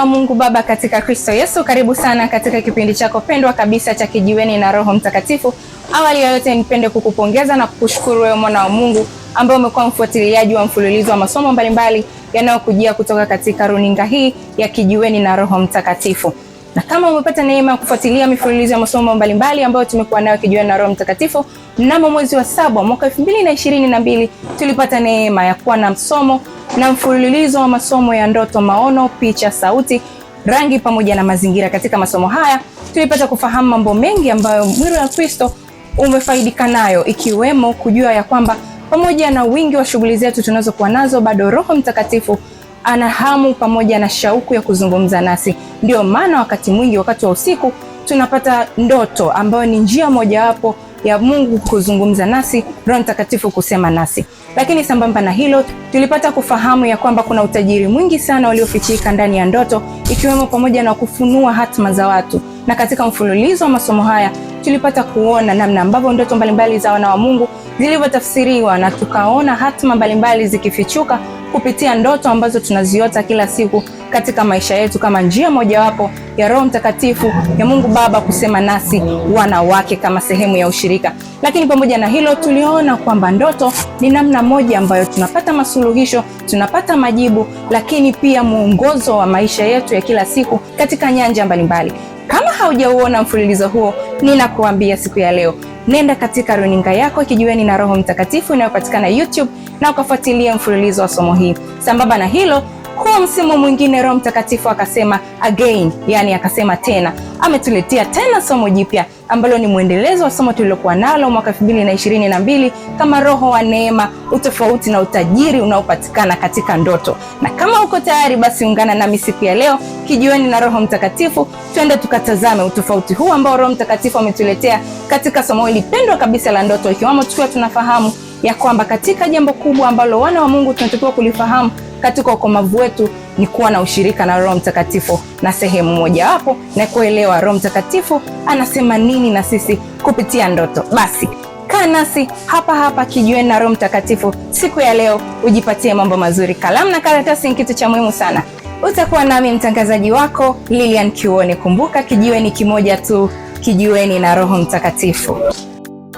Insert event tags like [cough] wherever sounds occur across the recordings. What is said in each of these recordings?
wa Mungu Baba katika Kristo Yesu, karibu sana katika kipindi chako pendwa kabisa cha Kijiweni na Roho Mtakatifu. Awali ya yote, nipende kukupongeza na kukushukuru wewe mwana wa Mungu ambaye umekuwa mfuatiliaji wa mfululizo wa masomo mbalimbali yanayokujia kutoka katika runinga hii ya Kijiweni na Roho Mtakatifu. Na kama umepata neema kufuatilia mifululizo ya masomo mbalimbali ambayo tumekuwa nayo kijiweni na Roho Mtakatifu, mnamo mwezi wa saba mwaka 2022 tulipata neema ya kuwa na msomo na mfululizo wa masomo ya ndoto, maono, picha, sauti, rangi pamoja na mazingira. Katika masomo haya tulipata kufahamu mambo mengi ambayo mwili wa Kristo umefaidika nayo, ikiwemo kujua ya kwamba pamoja na wingi wa shughuli zetu tunazokuwa nazo, bado Roho Mtakatifu ana hamu pamoja na shauku ya kuzungumza nasi. Ndio maana wakati mwingi, wakati wa usiku, tunapata ndoto ambayo ni njia mojawapo ya Mungu kuzungumza nasi, Roho Mtakatifu kusema nasi. Lakini sambamba na hilo, tulipata kufahamu ya kwamba kuna utajiri mwingi sana uliofichika ndani ya ndoto, ikiwemo pamoja na kufunua hatima za watu. Na katika mfululizo wa masomo haya tulipata kuona namna ambavyo ndoto mbalimbali za wana wa Mungu zilivyotafsiriwa na tukaona hatima mbalimbali zikifichuka kupitia ndoto ambazo tunaziota kila siku katika maisha yetu kama njia mojawapo ya Roho Mtakatifu ya Mungu Baba kusema nasi wanawake kama sehemu ya ushirika. Lakini pamoja na hilo, tuliona kwamba ndoto ni namna moja ambayo tunapata masuluhisho, tunapata majibu, lakini pia mwongozo wa maisha yetu ya kila siku katika nyanja mbalimbali. Kama haujauona mfululizo huo, ninakuambia siku ya leo nenda katika runinga yako Kijiweni na Roho Mtakatifu inayopatikana YouTube na ukafuatilia mfululizo wa somo hii Sambamba na hilo huo msimu mwingine Roho Mtakatifu akasema again, yani akasema tena, ametuletea tena somo jipya ambalo ni mwendelezo wa somo tulilokuwa nalo mwaka 2022 kama roho wa neema, utofauti na utajiri unaopatikana katika ndoto. Na kama uko tayari, basi ungana nami siku ya leo kijiweni na Roho Mtakatifu, twende tukatazame utofauti huu ambao Roho Mtakatifu ametuletea katika somo hili pendwa kabisa la ndoto, ikiwamo tukiwa tunafahamu ya kwamba katika jambo kubwa ambalo wana wa Mungu tunatakiwa kulifahamu katika ukomavu wetu ni kuwa na ushirika na Roho Mtakatifu, na sehemu mojawapo na kuelewa Roho Mtakatifu anasema nini na sisi kupitia ndoto. Basi kaa nasi hapa hapa Kijiweni na Roho Mtakatifu siku ya leo, ujipatie mambo mazuri. Kalamu na karatasi ni kitu cha muhimu sana. Utakuwa nami mtangazaji wako Lilian Kiwone. Kumbuka, kijiwe ni kimoja tu, kijiweni na Roho Mtakatifu.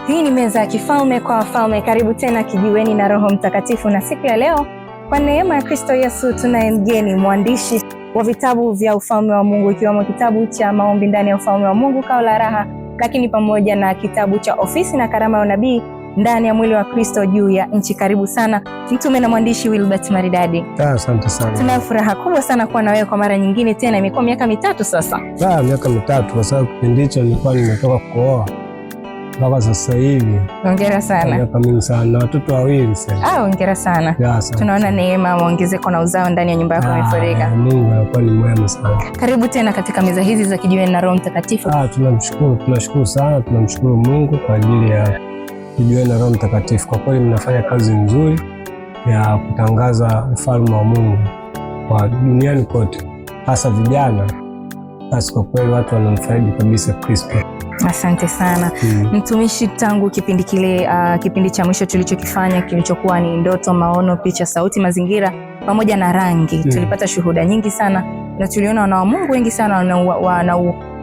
Hii ni meza ya kifalme kwa wafalme. Karibu tena Kijiweni na Roho Mtakatifu, na siku ya leo kwa neema ya Kristo Yesu tunaye mgeni mwandishi wa vitabu vya ufalme wa Mungu ikiwemo kitabu cha maombi ndani ya ufalme wa Mungu Kao la Raha, lakini pamoja na kitabu cha ofisi na karama ya unabii ndani ya mwili wa Kristo juu ya nchi. Karibu sana mtume na mwandishi Wilbert Maridadi. Ah, asante sana. Tunayo furaha kubwa sana kuwa na wewe kwa mara nyingine tena, imekuwa miaka mitatu sasa. Ah, miaka mitatu kwa sababu kipindi hicho nilikuwa nimetoka kuoa mpaka sasa hivi. Hongera sana. Miaka mingi sana, watoto wawili sasa. Ah, hongera sana. Tunaona neema maongezeko na uzao ndani ya nyumba yako imefurika. Ah, Mungu anakuwa ni mwema sana. Karibu tena katika meza hizi za kijiweni na Roho Mtakatifu. Ah, tunamshukuru, tunashukuru sana, tunamshukuru Mungu kwa ajili ya kijiweni na Roho Mtakatifu. Kwa kweli mnafanya kazi nzuri ya kutangaza ufalme wa Mungu kwa duniani kote, hasa vijana basi kwa kweli watu wanamfaidi kabisa Krispo. Asante sana hmm. Mtumishi, tangu kipindi kile uh, kipindi cha mwisho tulichokifanya kilichokuwa ni ndoto, maono, picha, sauti, mazingira pamoja na rangi hmm. tulipata shuhuda nyingi sana na tuliona wana wa Mungu wengi sana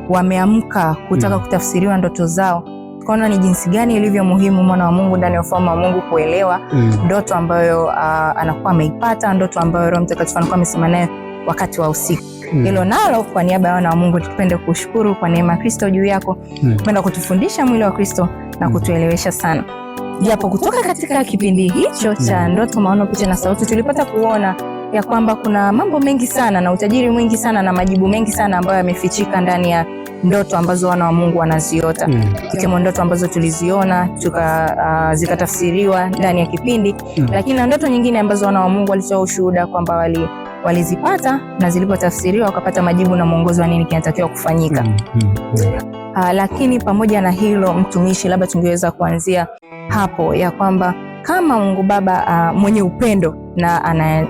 wameamka kutaka hmm. kutafsiriwa ndoto zao tukaona ni jinsi gani ilivyo muhimu mwana wa Mungu ndani ya ufalme wa Mungu kuelewa hmm. ndoto ambayo uh, anakuwa ameipata, ndoto ambayo Roho Mtakatifu anakuwa amesema naye wakati wa usiku hilo mm. nalo kwa niaba ya wana wa Mungu tupende kushukuru kwa neema Kristo juu yako mm. kwenda kutufundisha mwili wa Kristo na mm. kutuelewesha sana japo kutoka katika kipindi hicho cha mm. ndoto, maono, picha na sauti tulipata kuona ya kwamba kuna mambo mengi sana na utajiri mwingi sana na majibu mengi sana ambayo yamefichika ndani ya ndoto ambazo wana wa Mungu wanaziota mm. ikiwemo ndoto ambazo tuliziona tuka uh, zikatafsiriwa ndani ya kipindi mm. lakini na ndoto nyingine ambazo wana wa Mungu walitoa ushuhuda kwamba wali walizipata na zilipotafsiriwa wakapata majibu na mwongozo wa nini kinatakiwa kufanyika. mm -hmm. lakini pamoja na hilo, mtumishi, labda tungeweza kuanzia hapo ya kwamba kama Mungu Baba uh, mwenye upendo na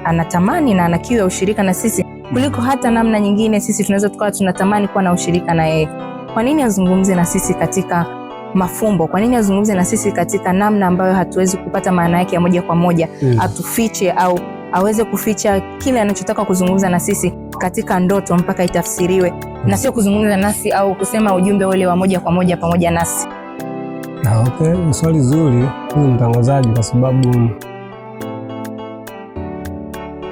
anatamani na ana kiu ya ushirika na sisi kuliko hata namna nyingine, sisi tunaweza tukawa tunatamani kuwa na ushirika na yeye. Kwa nini azungumze na sisi katika mafumbo? Kwa nini azungumze na sisi katika namna ambayo hatuwezi kupata maana yake ya moja kwa moja, mm. atufiche au aweze kuficha kile anachotaka kuzungumza na sisi katika ndoto mpaka itafsiriwe, na sio kuzungumza nasi au kusema ujumbe ule wa moja kwa moja pamoja nasi. Okay, swali zuri huyu mtangazaji, kwa sababu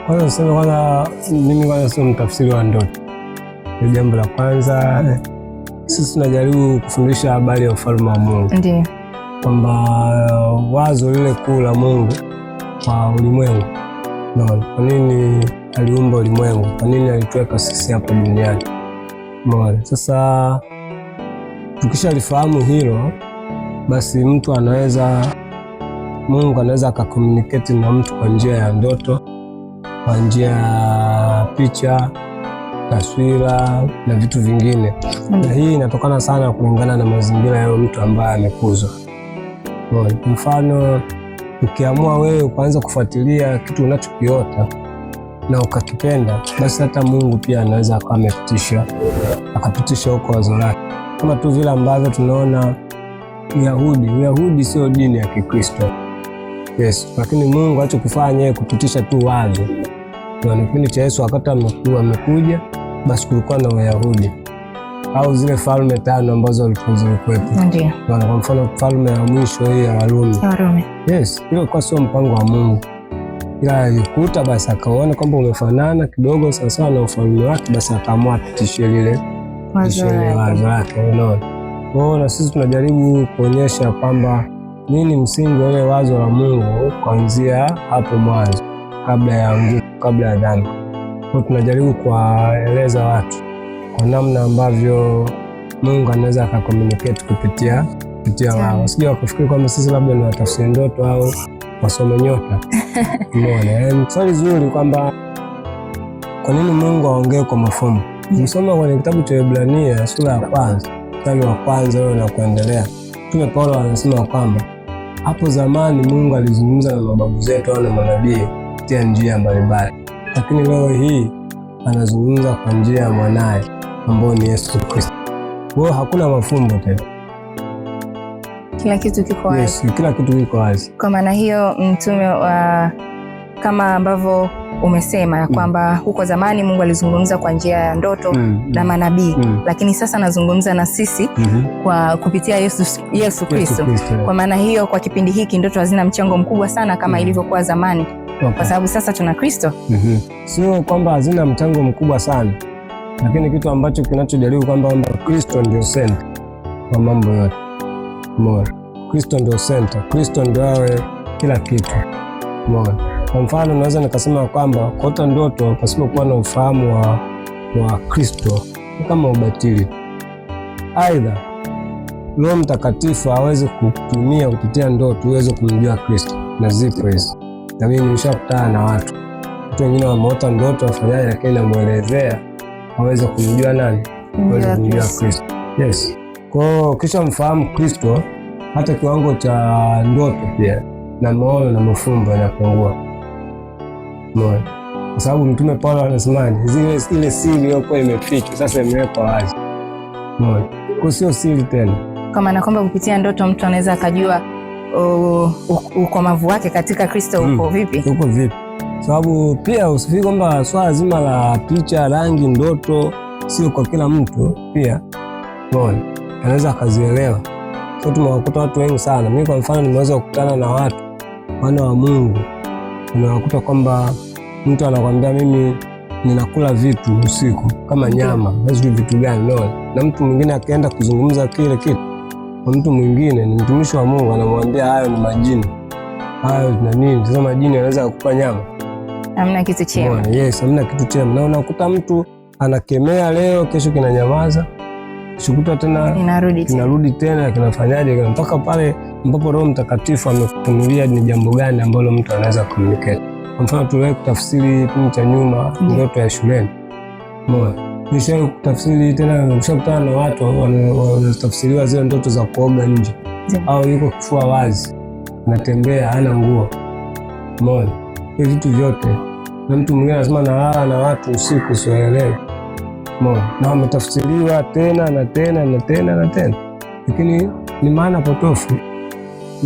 kwanza tuseme kwanza, mimi kwanza sio mtafsiri wa ndoto, ni jambo la kwanza. Sisi tunajaribu kufundisha habari ya ufalme wa Mungu, ndio kwamba wazo lile kuu la Mungu kwa ulimwengu na kwa nini aliumba ulimwengu, kwa nini alituweka sisi hapa duniani. Umeona? Sasa tukishalifahamu hilo, basi mtu anaweza, Mungu anaweza akakomuniketi na mtu kwa njia ya ndoto, kwa njia ya picha, taswira na vitu vingine mm. Na hii inatokana sana kulingana na mazingira ya mtu ambaye amekuzwa. Kwa mfano Ukiamua wewe ukaanza kufuatilia kitu unachokiota na ukakipenda, basi hata Mungu pia anaweza akawa amepitisha akapitisha huko wazo lake, kama tu vile ambavyo tunaona Uyahudi. Uyahudi sio dini ya Kikristo, yes, lakini Mungu alichokifanya yeye kupitisha tu wazo na kipindi cha Yesu wakati amekuja, basi kulikuwa na Wayahudi au zile falme tano ambazo zilikuwepo. Ndio kwa mfano falme ya mwisho hii ya Warumi Yes, hilo ilikuwa sio mpango wa Mungu, ila alikuta basi akaona kwamba umefanana kidogo sawasawa na ufalme wake, basi akaamua apitishie lile wazo lake. Unaona, na sisi tunajaribu kuonyesha kwamba nini msingi wa ile wazo la Mungu kuanzia hapo mwanzo, kabla ya nguvu, kabla ya dhambi. Kwa tunajaribu kuwaeleza watu kwa namna ambavyo Mungu anaweza akakomuniketi kupitia kupitia wao, usije wakufikiri kwamba sisi labda ni watafsiri ndoto au wasome nyota. [laughs] Umeona? Yaani swali zuri kwamba kwa nini Mungu aongee kwa mafumbo? Msoma mm. kwenye kitabu cha Ibrania sura ya kwanza mstari wa kwanza na kuendelea, Mtume Paulo anasema kwamba hapo zamani Mungu alizungumza na mababu zetu au na manabii kupitia njia mbalimbali, lakini leo hii anazungumza kwa njia ya mwanaye ambao ni Yesu Kristo. Kwa hiyo hakuna mafumbo tena. Kila kitu kiko wazi. Yes, kila kitu kiko wazi. Kwa maana hiyo mm, mtume wa kama ambavyo umesema ya mm. kwamba mm. huko zamani Mungu alizungumza kwa njia ya ndoto mm. na mm. manabii mm. lakini sasa anazungumza na sisi mm -hmm. kwa kupitia Yesu, Yesu Kristo. Kwa maana hiyo kwa kipindi hiki ndoto hazina mchango mkubwa sana kama mm. ilivyokuwa zamani okay. kwa sababu sasa tuna Kristo mm -hmm. sio kwamba hazina mchango mkubwa sana, lakini kitu ambacho kinachojaribu kwamba Kristo ndio senta kwa mambo yote more. Kristo ndio senta, Kristo ndio awe kila kitu more. Kwa mfano naweza nikasema kwamba kuota ndoto pasipokuwa na ufahamu wa, wa Kristo ni kama ubatili. Aidha, Roho Mtakatifu aweze kutumia kupitia ndoto uweze kumjua Kristo, na zipo hizi na mimi nimeshakutana na watu watu wengine wameota ndoto wafanyaje, lakini namwelezea waweze kumjua nani, waweze kumjua Kristo. Yes. Kwao kisha mfahamu Kristo, hata kiwango cha ndoto pia na maono na mafumbo yanapungua, kwa sababu Mtume Paulo anasemaje? Ile siri iliyokuwa imefichwa sasa imewekwa wazi, kwa sio siri tena, kwa maana kwamba kupitia ndoto mtu anaweza akajua ukomavu wake katika Kristo uko mm, vipi, uko vipi sababu pia usifiri kwamba swala zima la picha, rangi, ndoto sio kwa kila mtu pia. Mbona anaweza akazielewa. So tumewakuta watu wengi sana. Mimi kwa mfano nimeweza kukutana na watu wana wa Mungu, unawakuta kwamba mtu anakwambia mimi ninakula vitu usiku kama nyama, sijui vitu gani no. Na mtu mwingine akienda kuzungumza kile kitu kwa mtu mwingine, ni mtumishi wa Mungu, anamwambia hayo ni majini, hayo na nini. Sasa majini anaweza kukupa nyama? Hamna kitu chema. Yes, hamna kitu chema. Na unakuta mtu anakemea leo, kesho kinanyamaza sikuta tena kinarudi kinarudi tena kinafanyaje, mpaka pale ambapo Roho Mtakatifu amefunulia ni jambo gani ambalo mtu anaweza communicate. Kwa mfano tuliwahi kutafsiri kipindi cha nyuma ndoto ya shuleni moja kutafsiri tena, nishakutana na watu wanatafsiriwa zile ndoto za kuoga nje au yuko kifua wazi, natembea hana nguo moja, hivi vitu vyote, na mtu mwingine anasema nalala na watu usiku, siwaelewi. Mo, na wametafsiriwa tena na tena na tena na tena, lakini ni maana potofu.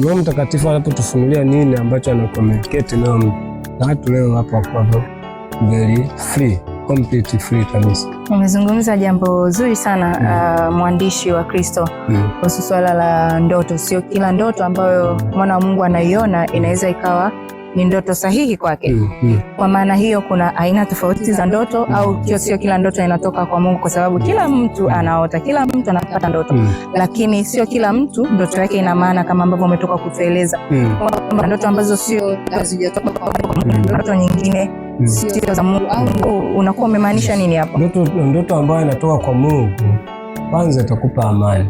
Roho Mtakatifu anapotufunulia nini ambacho anakomuniketi leo na watu leo hapa kwao, very free complete free kabisa. Umezungumza jambo zuri sana mm. Uh, mwandishi wa Kristo mm. kuhusu mm. swala la ndoto. Sio kila ndoto ambayo mm. mwana wa Mungu anaiona inaweza ikawa ni ndoto sahihi kwake. mm -hmm. Kwa maana hiyo kuna aina tofauti za ndoto mm -hmm. au sio, sio kila ndoto inatoka kwa Mungu, kwa sababu kila mtu anaota, kila mtu anapata ndoto mm -hmm. lakini sio kila mtu ndoto yake ina maana kama ambavyo umetoka kutueleza mm -hmm. kwamba ndoto ambazo sio hazijatoka kwa Mungu, mm. ndoto nyingine mm sio za Mungu. Unakuwa umemaanisha nini hapo? Ndoto, ndoto ambayo inatoka kwa Mungu kwanza itakupa amani,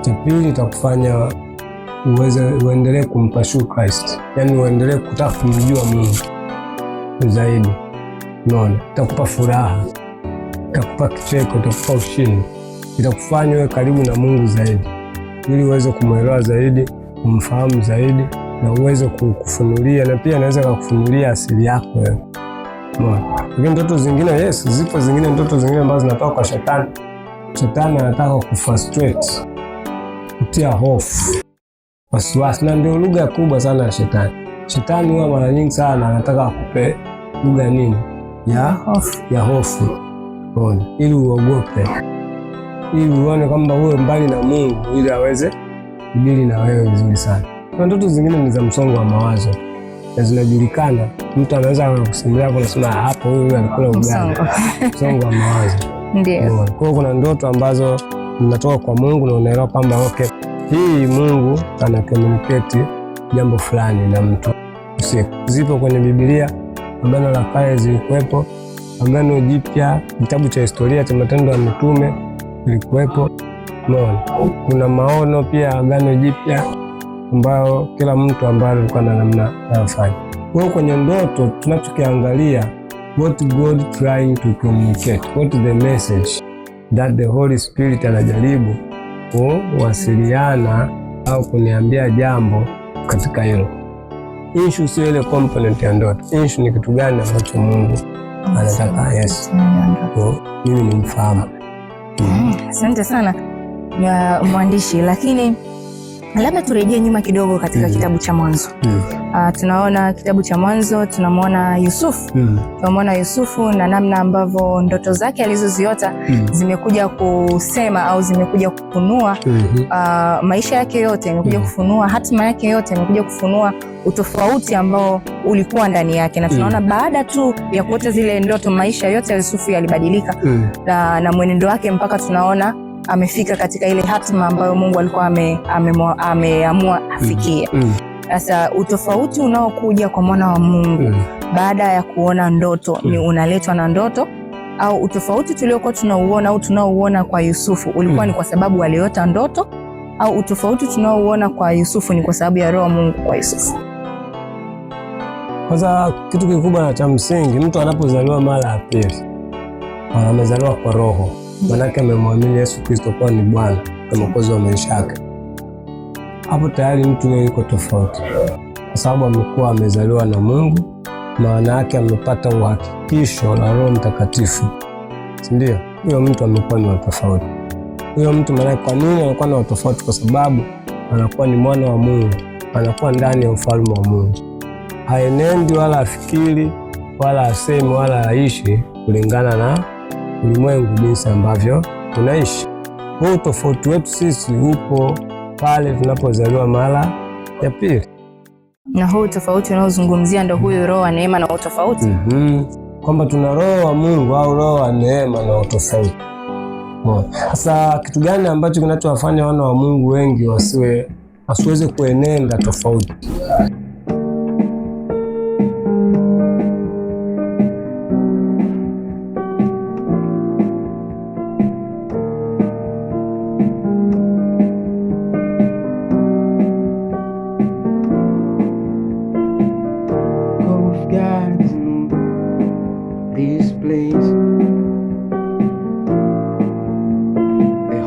cha pili itakufanya uweze uendelee kumpashu Christ, yani uendelee kutaka kumjua Mungu zaidi. Unaona, itakupa furaha, itakupa kicheko, itakupa ushindi, itakufanya uwe karibu na Mungu zaidi, ili uweze kumwelewa zaidi, kumfahamu zaidi, na uweze kukufunulia, na pia anaweza kukufunulia asili yako wewe. Lakini ndoto zingine, yes, zipo zingine ndoto zingine ambazo zinatoka kwa shetani. Shetani anataka kufrustrate, kutia hofu wasiwasi, na ndio lugha kubwa sana ya shetani. Shetani huwa mara nyingi sana anataka akupe lugha nini ya hofu, ya hofu, ili uogope, ili uone kwamba uwe mbali na Mungu, ili aweze kudili na wewe vizuri sana. Kuna ndoto zingine ni za msongo wa mawazo na zinajulikana, mtu anaweza kusimulia nasema ah, hapo, huyu alikula ugali, msongo wa mawazo. [laughs] Ndio. Kwa kuna ndoto ambazo inatoka kwa Mungu na unaelewa kwamba okay, hii Mungu anakomuniketi jambo fulani na mtu usiku. Zipo kwenye Biblia, Agano la Kale zilikuwepo, Agano Jipya, kitabu cha historia cha Matendo ya Mitume ilikuwepo. Mona, kuna maono pia Agano Jipya ambayo kila mtu ambaye alikuwa na namna anafanya. Kwa kwenye ndoto tunachokiangalia, what God trying to communicate, what the message that the Holy Spirit anajaribu kuwasiliana au kuniambia jambo katika hilo. Issue sio ile component ya ndoto. Issue ni kitu gani ambacho Mungu anataka Yesu mimi nimfahamu. Asante sana ya mwandishi, lakini Labda turejee nyuma kidogo katika mm. kitabu cha Mwanzo mm. uh, tunaona kitabu cha Mwanzo tunamwona Yusufu mm. tunamwona Yusufu na namna ambavyo ndoto zake alizoziota mm. zimekuja kusema au zimekuja kufunua mm -hmm. uh, maisha yake yote imekuja mm. kufunua hatima yake yote imekuja kufunua utofauti ambao ulikuwa ndani yake, na mm. tunaona mm. baada tu ya kuota zile ndoto maisha yote ya Yusufu yalibadilika mm. na, na mwenendo wake mpaka tunaona amefika katika ile hatima ambayo Mungu alikuwa ameamua ame, ame afikie. Mm. Mm. Sasa utofauti unaokuja kwa mwana wa Mungu mm. baada ya kuona ndoto ni unaletwa na ndoto au utofauti tuliokuwa tunauona au tunaouona kwa Yusufu ulikuwa ni kwa sababu aliota ndoto au utofauti tunaouona kwa Yusufu ni kwa sababu ya roho Mungu kwa Yusufu. Kwanza kitu kikubwa na cha msingi, mtu anapozaliwa mara ya pili amezaliwa kwa roho manake amemwamini Yesu Kristo kuwa ni Bwana na Mwokozi wa maisha yake. Hapo tayari mtu huyo yuko tofauti, kwa sababu amekuwa amezaliwa na Mungu, maana yake amepata uhakikisho la Roho Mtakatifu, si ndio? Huyo mtu amekuwa ni watofauti. Huyo mtu manake kwa nini anakuwa ni watofauti? Kwa sababu anakuwa ni mwana wa Mungu, anakuwa ndani ya ufalme wa Mungu, haenendi wala afikiri wala asemi wala aishi kulingana na ulimwengu jinsi ambavyo tunaishi. Huu tofauti wetu sisi upo pale tunapozaliwa mara ya pili, na huu tofauti unaozungumzia ndo huyu roho wa neema na utofauti mm -hmm. kwamba tuna roho wa Mungu au roho wa neema na utofauti. Sasa kitu gani ambacho kinachowafanya wana wa Mungu wengi wasiwe wasiweze kuenenda tofauti?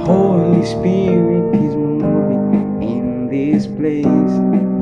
Holy Spirit is moving in this place.